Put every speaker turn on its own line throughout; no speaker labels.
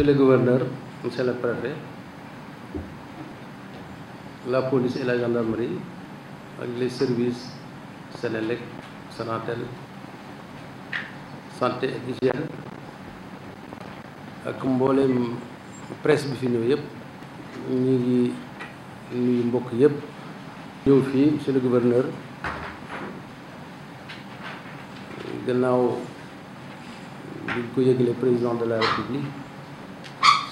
Monsieur le gouverneur, monsieur le préfet, la police et la gendarmerie ak les services Sénélec, Sonatel, santé et hygiène ak mboolem presse bi fi ñëw yëpp ñu ngi nuyu mbokk yëpp ñëw fii monsieur le gouverneur gannaaw bi ko yégle président de la république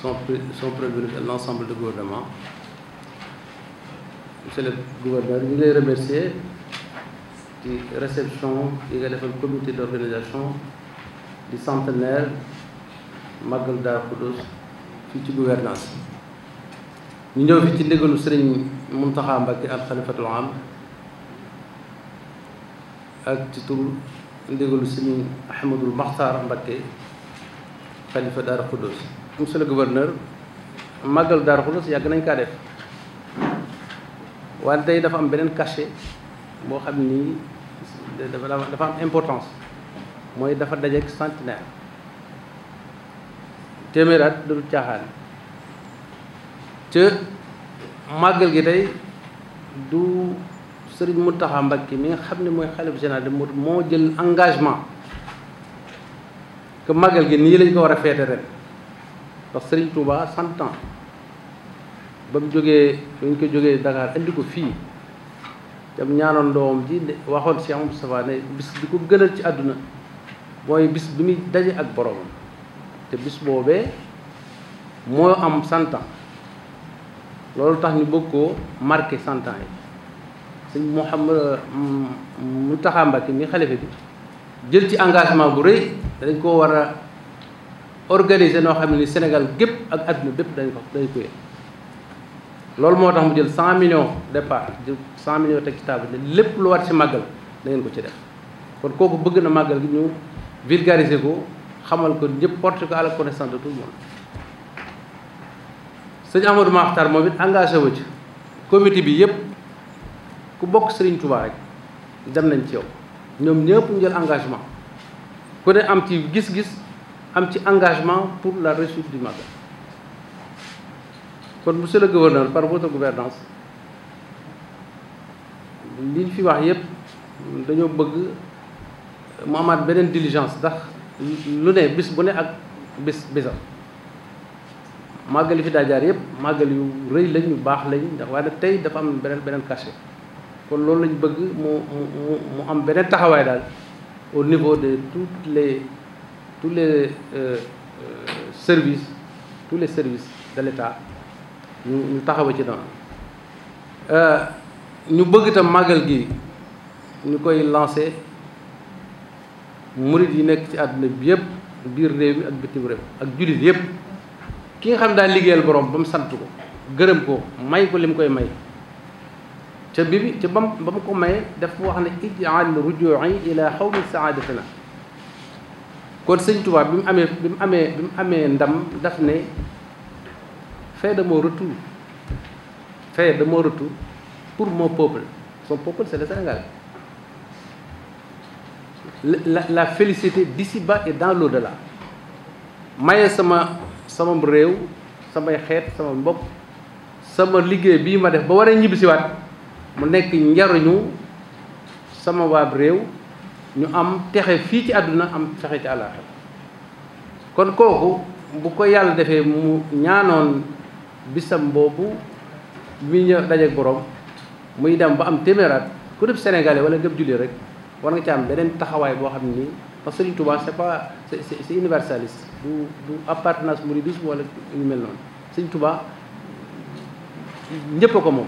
son sont prévenus de l'ensemble du gouvernement. Monsieur le gouverneur, ñu ngi lay remercier réception yi nga defal comité d'organisation du centenaire Magal Daaru Xudoos fii ci gouvernance ñu ñëw fi ci ndigalu Sëriñ Muntaxa Mbakke al xalifatul am ak ci tur ndigalu Sëriñ Ahmadul Maxtaar Mbakke xalifa Daaru Xudoos monsieur le gouverneur màggal Daaru Xudoos yàgg nañ kaa def waaye tey dafa am beneen cachet boo xam ni dafa am importance mooy dafa dajeek centenaire téeméeraat du caaxaan te màggal gi tey du Sëriñ Mountakha ki mi nga xam ne mooy xalif général de moo jël engagement que màggal gi nii lañ ko war a feete ndax Serigne Touba cent ans ba mu jógee ñu ko jógee Dakar andi ko fii dem ñaanoon doomam ji waxoon Cheikh Moustapha ne bis bi ko gënal ci àdduna mooy bis bi muy daje ak boromam te bis boobee moo am cent ans loolu tax ñu bëgg koo marqué cent ans yi sëñ xam mu Mbacké mi xalifa bi jël ci engagement bu rëy dañ koo war organisé noo xam ne ni Sénégal gépp ak àdduna bépp dañ ko dañ ko loolu moo tax mu jël cent million départ jël cent millions teg ci table ne lépp lu war ci màggal da ngeen ko ci def kon kooku bëgg na màggal gi ñëw vulgariser ko xamal ko ñëpp porte ko à la connaissance de tout le monde sëñ Amadou moom it engagé wu ci comité bi yëpp ku bokk Serigne Touba rek dem nañ ci yow ñoom ñëpp ñu jël engagement am ci engagement pour la réussite di Magal kon monsieur le gouverneur par votre gouvernance li ñu fi wax yépp dañoo bëgg mu amaat beneen diligence ndax lu ne bis bu ne ak bis bisam màggal li fi daa jaar yépp màggal yu rëy lañ yu baax lañ ndax waaye tey dafa am beneen beneen cachet kon loolu lañ bëgg mu mu mu am beneen taxawaay daal au niveau de toutes les tous les euh, euh, services tous les services de l'État ñu ñu taxawa ci daan euh, ñu bëgg tam màggal gi ñu koy lancé murit yi nekk ci àdduna bi yëpp biir réew mi ak bitim réew ak jullit yëpp ki nga xam daal liggéeyal borom ba mu sant ko gërëm ko may ko li mu koy may ca bi bi ca bam ba mu ko maye dafa wax ne ijal xaw ila xawmi saadatina kon sëñ Touba bi mu amee bi mu amee bi mu amee ndam daf ne fait de mon retour fait de pour mon peuple son peuple c'est le Sénégal la la félicité d'ici-bas et dans l'au-delà maye sama sama réew samay xeet sama mbokk sama liggéey bii ma def ba war a ñibbisiwaat mu nekk njariñu sama waab réew ñu am texe fii ci àdduna am texe ci àllaaxira kon kooku bu ko yàlla defee mu ñaanoon bisam boobu mi ñëw dajeek borom muy dem ba am téeméeraat ku def sénégalais wala ngëb julli rek war nga ca am beneen taxawaay boo xam ni parce que Sëriñ Tuubaa c'est pas c'est c'est universaliste du du appartenance mouridisme wala ñu mel noonu Sëriñ Tuubaa ñëpp a ko moom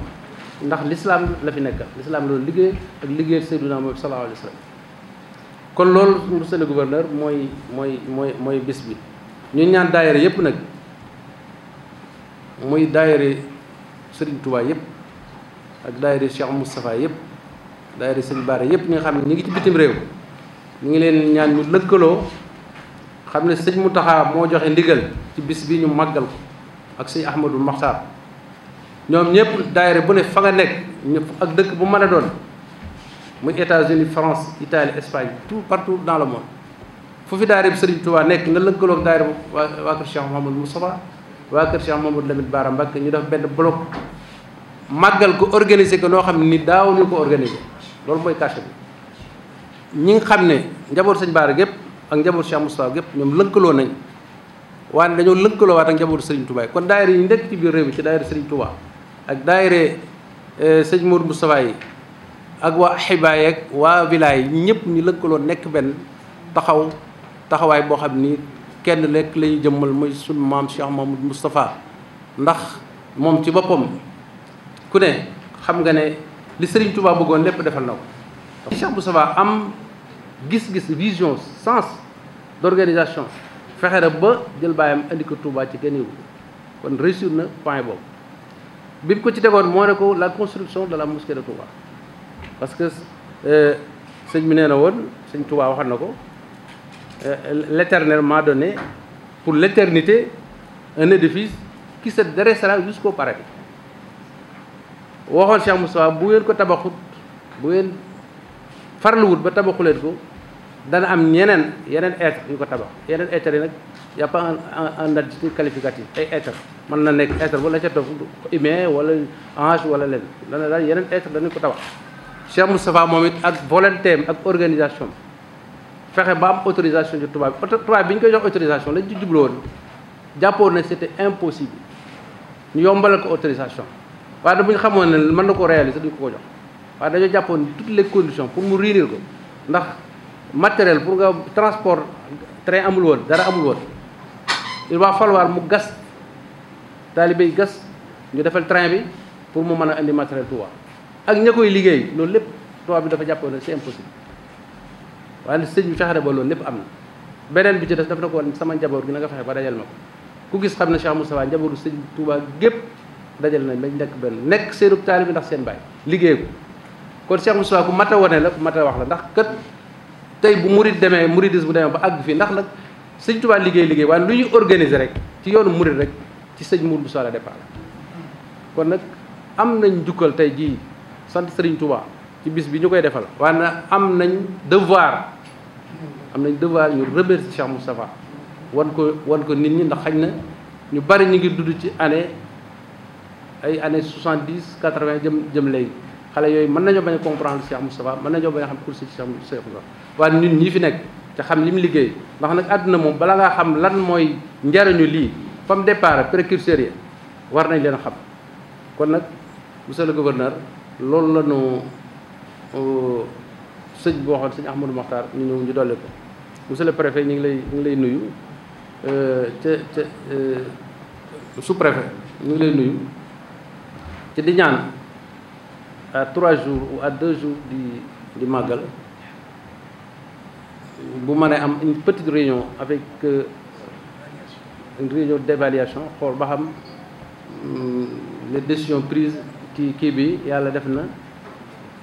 ndax l'islam la fi nekk l'islam loolu liggéey ak liggéey Seydina Muhammad sallallahu alayhi wa sallam kon loolu monsieur le gouverneur mooy mooy mooy mooy bis bi ñu ñaan daayira yëpp nag muy daayira Serigne Touba yëpp ak daayira Cheikh Moustapha yëpp daayira Serigne Bara yëpp ñi xam ne ñu ngi ci bitim réew ñu ngi leen ñaan ñu lëkkaloo xam ne mu Mountakha moo joxe ndigal ci bis bi ñu màggal ak sëñ Ahmadou Maxtaar ñoom ñëpp daayira bu ne fa nga nekk ak dëkk bu mën a doon muy États-Unis France Italie Espagne tout partout dans le monde foofu fi daara bi Serigne Touba nekk na lëkkaloog daara waa waa kër Cheikh Mouhamadou Moustapha waa kër Cheikh Mouhamadou Lamine Bara Mbacké ñu def benn bloc màggal ko organiser ko noo xam ne ni daaw ñu ko organiser loolu mooy cachet ñi nga xam ne njaboot Sëñ Bara gépp ak njaboot Cheikh Moustapha gépp ñoom lëkkaloo nañ waaye dañoo lëkkaloo waat ak njabootu Serigne Touba kon daayira yi nekk ci biir réew mi ci daayira Serigne Touba ak daayira eh, Sëñ Mourou Moustapha yi ak waa xibaay ak waa wilaay ñëpp ñu lëkkaloo nekk benn taxaw taxawaay boo xam ni kenn lekk lañuy jëmmal muy sunu maam Cheikh Mahmoud Moustapha ndax moom ci boppam ku ne xam nga ne li Serigne Touba bëggoon lépp defal na ko Cheikh Moustapha am gis-gis vision sens d'organisation fexe na ba jël baayam indi ko Touba ci gën kon réussir na point boobu bi mu ko ci tegoon moo ne ko la construction de la mosquée de parce que euh, sëñ bi nee na woon sëñ Touba waxoon na ko euh, l'éternel m'a donné pour l'éternité un édifice qui se dressera jusqu'au paradis waxoon Cheikh Moustapha bu ngeen ko tabaxut bu ngeen farluwut ba tabaxuleen ko dana am ñeneen yeneen être yu ko tabax yeneen être yi nag y a pas un un adjectif qualificatif ay être mën na nekk être ba la ca topp humain wala ange wala leen dana daal yeneen être danañ ko tabax Cheikh Moustapha moom it ak volonté ak organisation fexe ba am autorisation ci tubaab bi tubaab bi ñu koy jox autorisation lañ ci jubluwoon jàppoon ne c'était impossible ñu yombalal ko autorisation waaye da bu xamoon ne mën na ko réaliser duñ ko ko jox waaye dañoo jàppoon toutes les conditions pour mu réunir ko ndax matériel pour nga transport train amul woon dara amul woon il va falloir mu gas taalibe yi gas ñu defal train bi pour mu mën a indi matériel Touba ak ña koy liggéey loolu lépp tubaab bi dafa jàppoon ne c'est impossible waaye sëñ bi fexe ba loolu lépp am na beneen bi ci des daf na ko sama njaboot gi na nga fexe ba dajal ma ko ku gis xam ne Cheikh Moustapha njabootu sëñ Touba gépp dajal nañ bañ nekk benn nekk seenub taali bi ndax seen bàyyi liggéey kon Cheikh Moustapha ku mat a wane la ku wax la ndax kat tey bu murid demee muridis bu demee ba àgg fii ndax nag sëñ Touba liggéey liggéey waaye lu ñuy organiser rek ci yoonu murid rek ci sëñ Mourou Moussa la départ kon nag am nañ jukkal tey jii sant Serigne Touba ci bis bi ñu koy defal waaye na am nañ devoir am nañ devoir ñu remercier Cheikh Moustapha wan ko wan ko nit ñi ndax xañ na ñu bari ñu ngir dudd ci année ay année soixante dix quatre vingt jëm jëm léegi xale yooyu mën nañoo bañ a comprendre Cheikh Moustapha mën nañoo bañ a xam kursi ci Cheikh Moustapha waaye nit ñi fi nekk te xam li mu liggéey ndax nag àdduna moom bala ngaa xam lan mooy njariñu lii fa mu départ précurseur yi war nañ leen xam kon nag monsieur le gouverneur loolu la ñu euh, sëñ boo xam sëñ Ahmadou Makhtar ñu ñëw ñu dolli ko monsieur le préfet ñu ngi lay ñu ngi lay nuyu euh, ca ca euh, sous préfet ñu ngi lay nuyu ci di ñaan à trois jours ou à deux jours di di màggal bu mënee am une petite réunion avec une réunion d'évaluation xool ba xam hmm, les décisions prises ci kii bi yàlla def na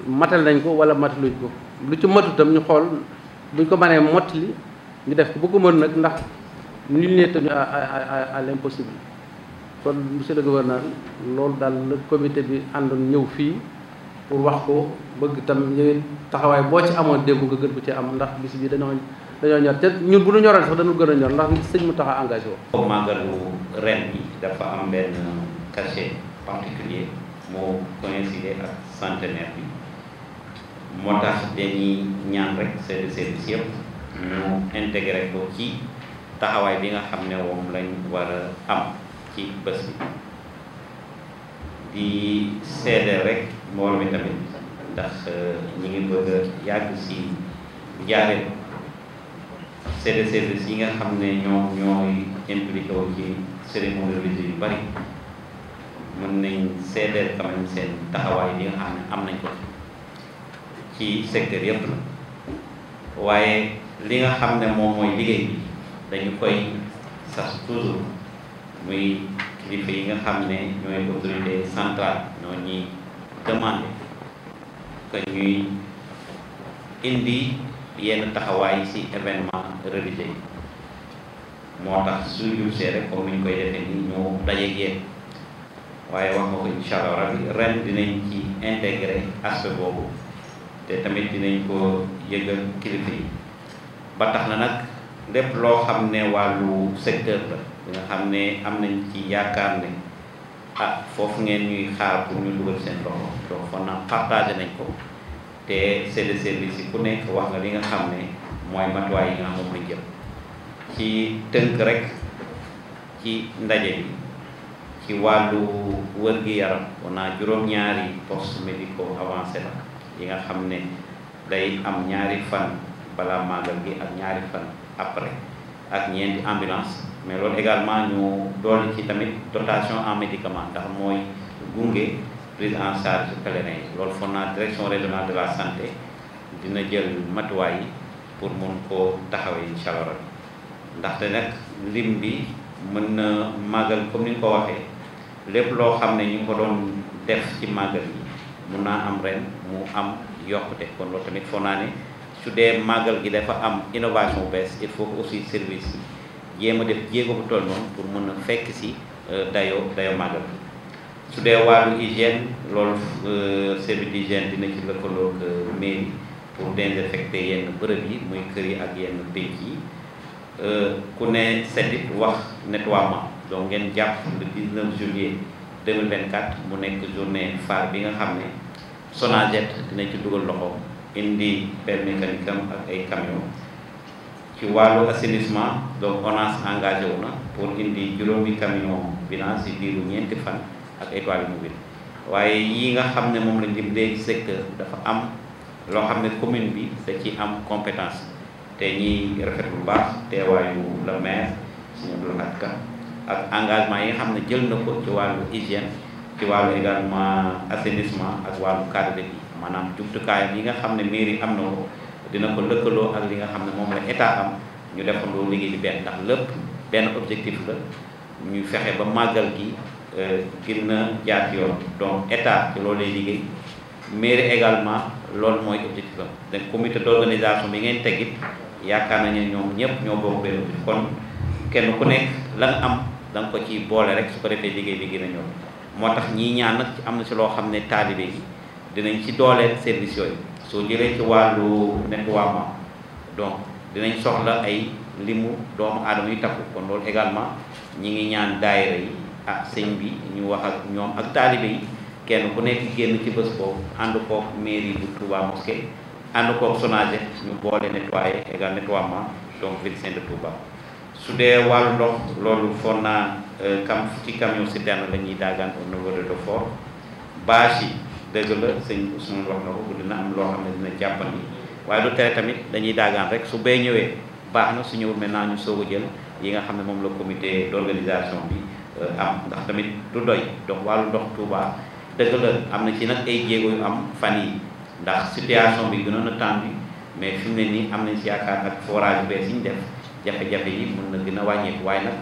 matal nañ ko wala mataluñ ko lu ci matutam ñu xool buñ ko mënee mottali ñu def ko bu ko mën nag ndax nul n'est tenu à l'impossible kon monsieur le gouverneur loolu daal la comité bi àndoon ñëw fii pour wax ko bëgg tam ñëwee taxawaay boo ci amoon démb nga gën bu ci am ndax bis bi dañoo dañoo ñor te ñun bu ñu ñoroon sax dañu gën a ñor ndax sëñ mu tax engage engagé woo.
màggalu ren bi dafa am benn cachet particulier moo coïncider ak centenaire bi moo tax dañuy ñaan rek seen service yëpp ñu intégré ko ci taxawaay bi nga xam ne moom lañ war a am ci bés bi di seede rek mbool mi tamit ndax euh, ñi ngi bëgg yàgg si jaareel seede service yi nga xam ne ñoom ñooy impliqué ci cérémonie religieuse yu bari mën nañ seedeel quand même seen taxawaay bi xam ne am nañ ko ci secteur yëpp waaye li nga xam ne moom mooy liggéey bi dañu koy sas toujours muy kilifa yi nga xam ne ñooy autorité centrale ñoo ñuy demandé que ñuy indi yenn taxawaay ci événement religieux moo tax su jubsee rek comme ñu koy defee nii ñoo waaye wax nga ko incha allah rabbi ren dinañ ci intégré aspect boobu te tamit dinañ ko yëgal kilifa yi ba tax na nag lépp loo xam ne wàllu secteur la bi nga xam ne am nañ ci yaakaar ne ah foofu ngeen ñuy xaar pour ñu dugal seen loxo donc foog naa partagé nañ ko te c'est de service yi ku nekk wax nga li nga xam ne mooy matuwaay yi nga xam moom lañ jëm ci tënk rek ci ndaje yi ci wàllu wër-gi-yaram on a juróom-ñaari postes médicaux avancé nag yi nga xam ne day am ñaari fan balaa màggal gi ak ñaari fan après ak ñeenti ambulance mais loolu également ñu doole ci tamit dotation en médicament ndax mooy gunge prise en charge pèlerin yi loolu foog naa direction régionale de la santé dina jël matuwaay yi pour mun ko taxawee incha allah ndaxte nag lim bi mën na màggal comme ni nga ko waxee lépp loo xam ne ñu ko doon def ci màggal yi mun naa am ren mu am yokkute kon loolu tamit foo naa ne su dee màggal gi dafa am innovation bu bees il faut aussi service yi jéem a def jéego bu toll noonu pour mën a fekk si euh, dayo dayo màggal bi su dee wàllu hygiène loolu euh, service d'hygiène dina ci lëkkaloo ak euh, mairie pour désinfecter yenn bërëb yi muy kër yi ak yenn pénc yi ku ne setit wax nettoiement donc ngeen jàpp le 19 juillet 2024 mu nekk journée phare bi nga xam ne Sonaget dina ci dugal loxo indi pelle mécanique ak ay camion ci wàllu assainissement donc ONAS engagé wu na pour indi juróomi camion bilan si biiru ñeenti fan ak étoile mobile waaye yi nga xam ne moom lañ dimbalee ci secteur dafa am loo xam ne commune bi da ci am compétence te ñiy rafet bu baax teewaayu la maire suñu Abdoulaye Ka ak engagement yi nga xam ne jël na ko ci wàllu hygiène ci wàllu également assainissement ak wàllu cadre de maanaam jumtukaay yi nga xam ne mairie am na ko dina ko lëkkaloo ak li nga xam ne moom la état am ñu defandoo liggéey bi benn ndax lépp benn objectif la ñu fexe ba màggal gi euh, gën na jaar yoon donc état ci loolu lay liggéey mairie également loolu mooy objectif am donc comité d'organisation bi ngeen tegit yaakaar nañu ñoom ñëpp ñoo bokk kenn ku nekk la am da ko ci boole rek su ko defee liggéey bi gën a moo tax ñii ñaan nag am na si loo xam ne taalibe yi dinañ ci dooleel service yooyu soo jëlee ci wàllu nettoiement donc dinañ soxla ay limu doomu aadama yu takku kon loolu également ñi ngi ñaan daayira yi ak sëñ bi ñu wax ak ñoom ak taalibe yi kenn ku nekk génn ci bés boobu ànd koog mairie bu Touba mosquée ànd koog Sonaged ñu boole nettoyer égal nettoiement donc ville Sainte de Touba su dee wàllu ndox loolu foog naa euh, cam ci camion citerne la ñuy daagaan au niveau de Dofort bâche yi dëgg la sëñ Ousmane wax na ko dina am loo xam ne dina jàppandi waaye du tere tamit dañuy daagaan rek su bee ñëwee baax na su ñëwul maintenant ñu soog a jël yi nga xam ne moom la comité d'organisation bi euh, am ndax tamit du doy donc wàllu ndox Touba dëgg la am na ci nag ay jéego am fan yi ndax situation bi gënoon a tàmbi mais fi mu ne nii am nañ yaakaar ak forage bu ñu def. jafe-jafe yi mën na gën a wàññeeku waaye nag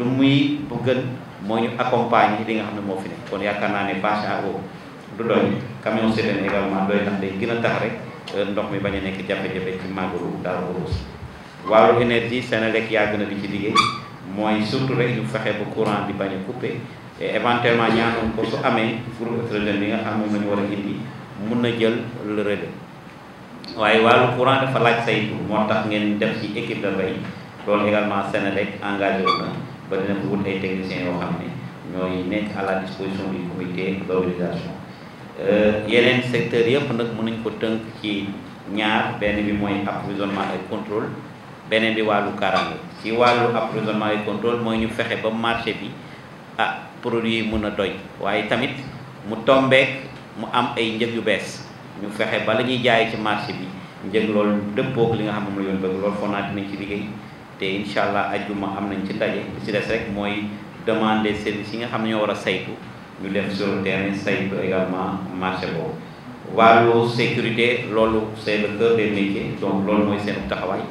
lu muy bu gën moo ñu accompagne li nga xam ne moo fi nekk kon yaakaar naa ne bâche à eau du doy camion citerne également doy ndax day gën a tax rek euh, ndox mi bañ a nekk jafe-jafe ci màggalu Daaru Xudoos wàllu énergie Senelec yàgg na di ci liggéey mooy surtout rek ñu fexe ba courant bi bañ a coupé et ñaanoon ko su amee groupe électrogène bi nga xam moom la ñu war a indi mun na jël le waaye wàllu courant dafa laaj saytu moo tax ngeen def ci équipe de veille loolu également Senelec engagé wu na ba dina ko wut ay techniciens yoo xam ne ñooy nekk à disposition du comité d'organisation euh, yeneen secteur yëpp nag mën nañ ko tënk ci ñaar benn bi mooy approvisionnement et contrôle beneen bi wàllu kaaraange ci wàllu approvisionnement et contrôle mooy ñu fexe ba marché bi ah produit yi mën a doy waaye tamit mu tombeek mu am ay njëg yu bees ñu fexe ba la ñuy jaay ci marché bi njëg loolu dëppook li nga xam moom la yoon bëgg loolu foog naa dinañ ci liggéey te incha allah ajjuma am nañ ci ndaje li ci des rek mooy demander service yi nga xam ne ñoo war a saytu ñu def sur le terrain saytu également marché boobu. wàllu sécurité loolu c'est le cœur des métiers donc loolu mooy seen taxawaay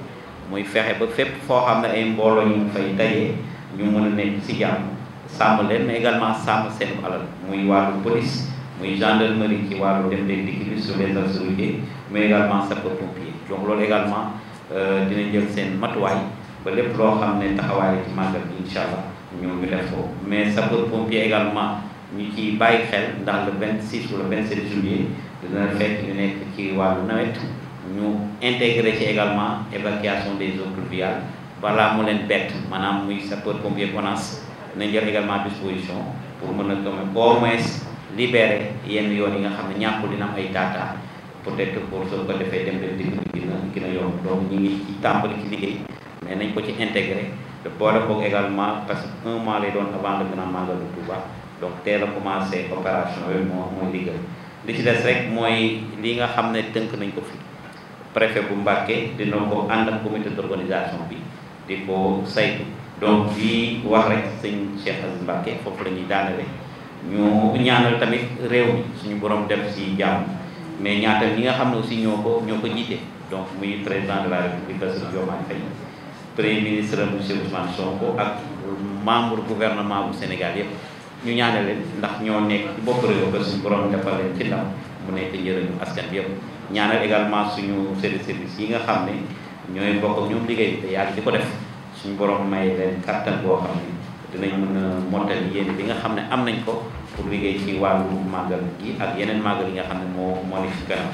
muy fexe ba fépp foo xam ne ay mbooloo ñu fay daje ñu mën a nekk ci jàmm sàmm leen mais également sàmm seen alal muy gendarmerie ci wàllu dem beeg dikk bi sur les autorités mais également sapeur pompier donc loolu également euh, dina jël seen matuwaay ba lépp loo xam ne taxawaay ci màggal bi incha allah ñoo ngi def ko mais sapeur pompier également ñu ciy bàyyi xel ndax le 26 wala 27 juillet dina fekk ñu nekk ci wàllu nawet ñu intégré ci également évacuation des eaux pluviales balaa mu leen bett maanaam muy sapeur pompier ONAS na jël également disposition pour mën a comme au moins. libéré yenn yoon yi nga xam ne ñàkku dina may ay pour peut-être pour soo ko defee dem rek dina gën a gën a donc ñu ngi ci tàmbali liggéey mais nañ ko ci intégré te boole koog également parce que un mois lay doon avant le grand magal de Touba donc teel a commencé opération mooy liggéey li ci des rek mooy li nga xam ne tënk nañ ko fi préfet bu Mbacké dina ko ànd ak comité d'organisation bi di ko saytu donc fii wax rek sëñ Cheikh Aziz Mbacké foofu la ñuy daanale ñu ñaanal tamit réew mi suñu borom dem si jàmm mais ñaatal ñi nga xam ne aussi ñoo ko ñoo ko jiite donc muy président de la république Bassirou Diomaye Faye premier ministre monsieur Ousmane Sonko ak membre gouvernement bu Sénégal yëpp ñu ñaanal leen ndax ñoo nekk ci ba suñu borom defal leen ci mu nekk njëriñu askan bi yëpp ñaanal également suñu service service yi nga xam ne ñooy bokk ñoom liggéey bi te yàgg di ko def suñu borom may leen kattan boo xam ne dinañ mën a mottali yéen bi nga xam ne am nañ ko pour liggéey ci wàllu màggal gi ak yeneen màggal yi nga xam ne moo moo nekk ci kanam